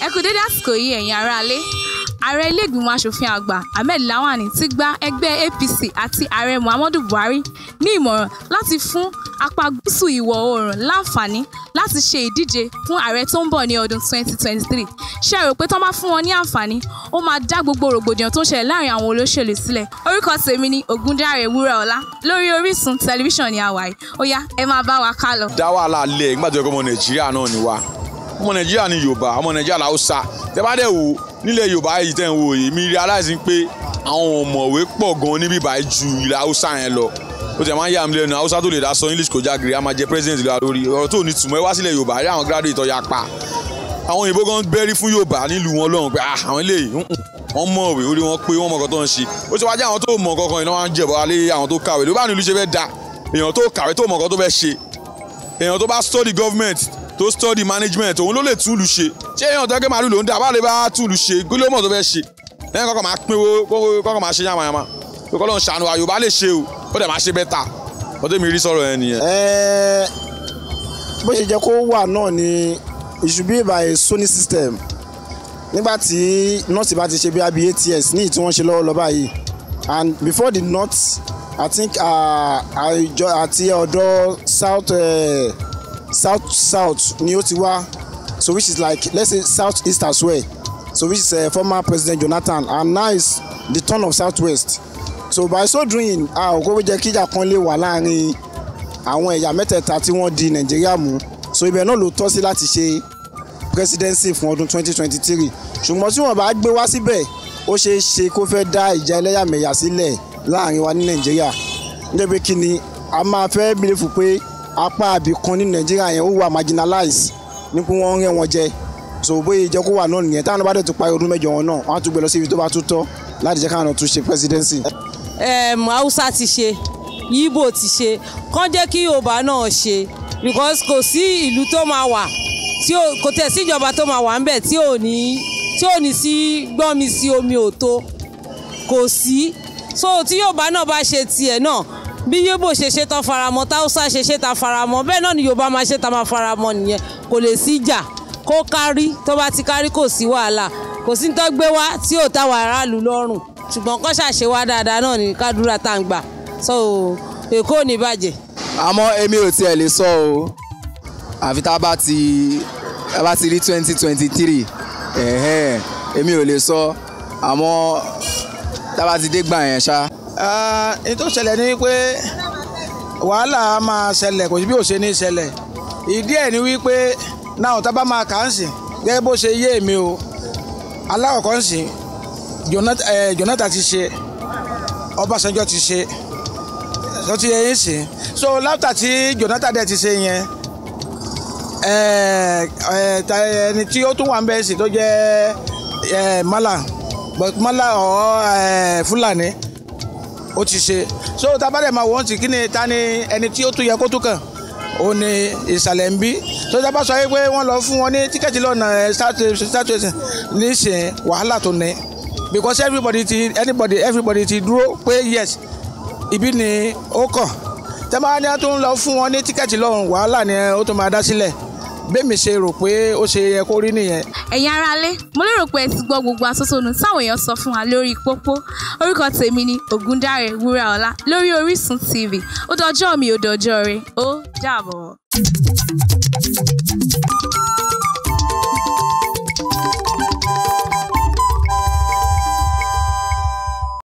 ẹ kú dédé àsìkò yìí ẹ̀yin aráalé ààrẹ ilé-ìgbìmọ̀ asòfin àgbà ahmed lawan ti gba ẹgbẹ́ apc àti ààrẹ muhammadu buhari ní ìmọ̀ràn láti fún apá gúúsù ìwọ̀ oòrùn láǹfààní láti ṣe ìdíje fún ààrẹ tó ń bọ̀ ní ọdún 2023 ṣe rò pé tó máa fún wọn ní àǹfààní ó máa dá gbogbo rògbòdìyàn tó ń ṣẹlẹ̀ láàrin àwọn olóṣèlú sílẹ̀ orúkọ tèmi ni ògúndáre wúrà ọlá lórí orísun tẹlifíṣàn ní àwàyí ó yá ẹ máa bá wa ká lọ. dá wàhálà lẹ ìgbàjọba ọmọ nàìjíríà náà ni wa ọmọ nàìjíríà ni yorùbá ọmọ nàìjíríà làwùsà tẹ bá dẹ wò nílẹ̀ yorùbá yìí tẹ̀ ń wò yìí mi realize pé àwọn ọ̀mọ̀wé pọ̀ gan níbí báyìí ju ilẹ̀ haúsá yẹn lọ ó ti máa ń yà mí lẹ́nu haúsá tó lè dá sọ english kò jágere a máa jẹ president lọ lórí ọ̀rọ̀ tó ní tùmọ̀ ẹ wá sílẹ̀ yorùbá rí àwọn graduate tó ya pa àwọn òyìnbó gan bẹ́rí fún yorùbá nílùú wọn lọ́hùn pé ah, àwọn eléyìí wọ́n mọ̀ òwe orí wọn pé wọ́n mọ̀ nǹkan tó ń ṣe ó ti wá jẹ́ àwọn tó mọ̀ kankan iná wọn jẹ̀bọ́ alẹ́ àwọn tó kàwé ló bá nílùú ṣe fẹ́ da èèyàn tó kàwé tó mọ̀ nǹkan tó fẹ́ ṣe èèyàn tó bá study government tó study management òun ló lè tún ìlú ṣe ṣé èèyàn tó gẹ́ màálù ló ń dá abáàlè bá tún ìlú ṣe gílómọ̀ tó fẹ́ ṣe lẹ́yìn kọ́kọ́ máa pínwó kọ́kọ́ máa ṣe yàmàyàmà kọ́kọ́ ló ṣàánú ayò bá lè ṣe o ó dẹ̀ máa ṣe bẹ́tà ọdẹ mi rí sọ̀rọ̀ yẹn nìyẹn. ẹẹ bó ṣe jẹ́ kó wà náà ni it should be by Sony system nígbà tí nọ́ọ̀sì bá ti ṣe bí abi eight years ní ìtí wọ́n ṣe lọ́wọ́ lọ báyìí and before the north i think uh, àti ọ̀dọ̀ south. Uh, south south ni ó ti wá so which is like let's say south east as well so which is uh, former president Jonathan and now is the turn of south west so by so doing a ò kó jẹ́ kíjà kan lè wà láàrin àwọn ẹ̀yà mẹ́tẹ̀ẹ̀ta tí wọ́n di Nàìjíríà mú so ibẹ̀ náà ló tọ́ sí láti ṣe presidency fún ọdún 2023 ṣùgbọ́n tí wọ́n bá gbé wá síbẹ̀ ó ṣeé ṣe kó fẹ́ dá ìjà ẹlẹ́yàmẹ̀yà sílẹ̀ láàrin wa ní Nàìjíríà níbi kíni a máa fẹ́ bìlẹ̀ fún pé apá àbìkan nínú nàìjíríà yẹn ó wà marginalized ní pé wọ́n ń rẹ́ wọn jẹ so bóyá ìjẹ́ kó wà náà nìyẹn táwọn bá dẹ̀ tó parí ọdún mẹ́jọ wọn náà wọ́n á tún gbé lọ síbi tó bá tún tọ́ láti jẹ́ káwọn tún ṣe presidency. ẹ̀ẹ́m haúsá ti ṣe yíbò ti ṣe kán jẹ́ kí yorùbá náà ṣe because kò sí ìlú tó máa wà tí ò kò tẹ̀ sí ìjọba tó máa wà ń bẹ̀ tí ò ní tí ò ní sí gbọ́n mi sí omi òtó kò sí so tí yorùbá náà bá ṣe tiẹ̀ náà bí yóbò ṣe ṣe tán faramọ́ táwùsà ṣe ṣe tá faramọ́ bẹ́ẹ̀ náà ni yorùbá máa ṣe tá máa faramọ́ nìyẹn kò lè sí ìjà kó kárí tó bá ti kárí kò sí wàhálà kò sí tó gbé wá tí ò táwọn aráàlú lọ́rùn ṣùgbọ́n kọ́ ṣàṣe wá dáadáa náà ní kádúrà tá ń gbà so èkó ò ní bàjẹ́. àmọ́ èmi ò tiẹ̀ lè sọ o àfi tá a bá ti rí twenty èmi ò lè sọ àmọ́ tá a bá ti dé gbà yẹn ṣá ní tó ṣẹlẹ̀ ni pé wàhálà máa ṣẹlẹ̀ kò sí bí ò ṣẹlẹ̀ ìdí ẹ̀ ni wípé náà bá máa kà á sìn gẹ́gẹ́ bó ṣe yé èmi o alákọ̀ọ́kọ́ ń sìn ti ṣe ti ṣe sọ ti yẹn sìn so lati tí dẹ̀ ti ṣe yẹn ẹni tí ó tún wà ń bẹ́ẹ̀ sìn tó jẹ́ ó ti ṣe so tábàdẹ̀ máa wọ́n ti kí ni ta ni ẹni tí ó tún yẹ kó tún kàn ó ní ìsàlẹ̀ ń bí tó dábàá sọ pé wọ́n lọ fún wọn ní tíkẹ́ẹ̀tì lọ́nà saturation nísìnyí wàhálà tó ní because everybody ti anybody everybody ti dúró pé yes ibi ni ó kàn tẹ́ bá ní wọ́n tún lọ fún wọn ní tíkẹ́ẹ̀tì lọ́hùn wàhálà ni ó tún máa dá sílẹ̀ bẹ́ẹ̀mi ṣe rò pé ó ṣe yẹ kó rí nìyẹn. ẹ̀yin aráalé mo lérò pé ẹ ti gbọ́ gbogbo àsọtònú táwọn èèyàn sọ fún wa lórí pópó orúkọ tèmi ni Ògúndáre Wúràọlá lórí Orísun TV ó dọjọ́ mi ó dọjọ́ rẹ ó dàbọ̀.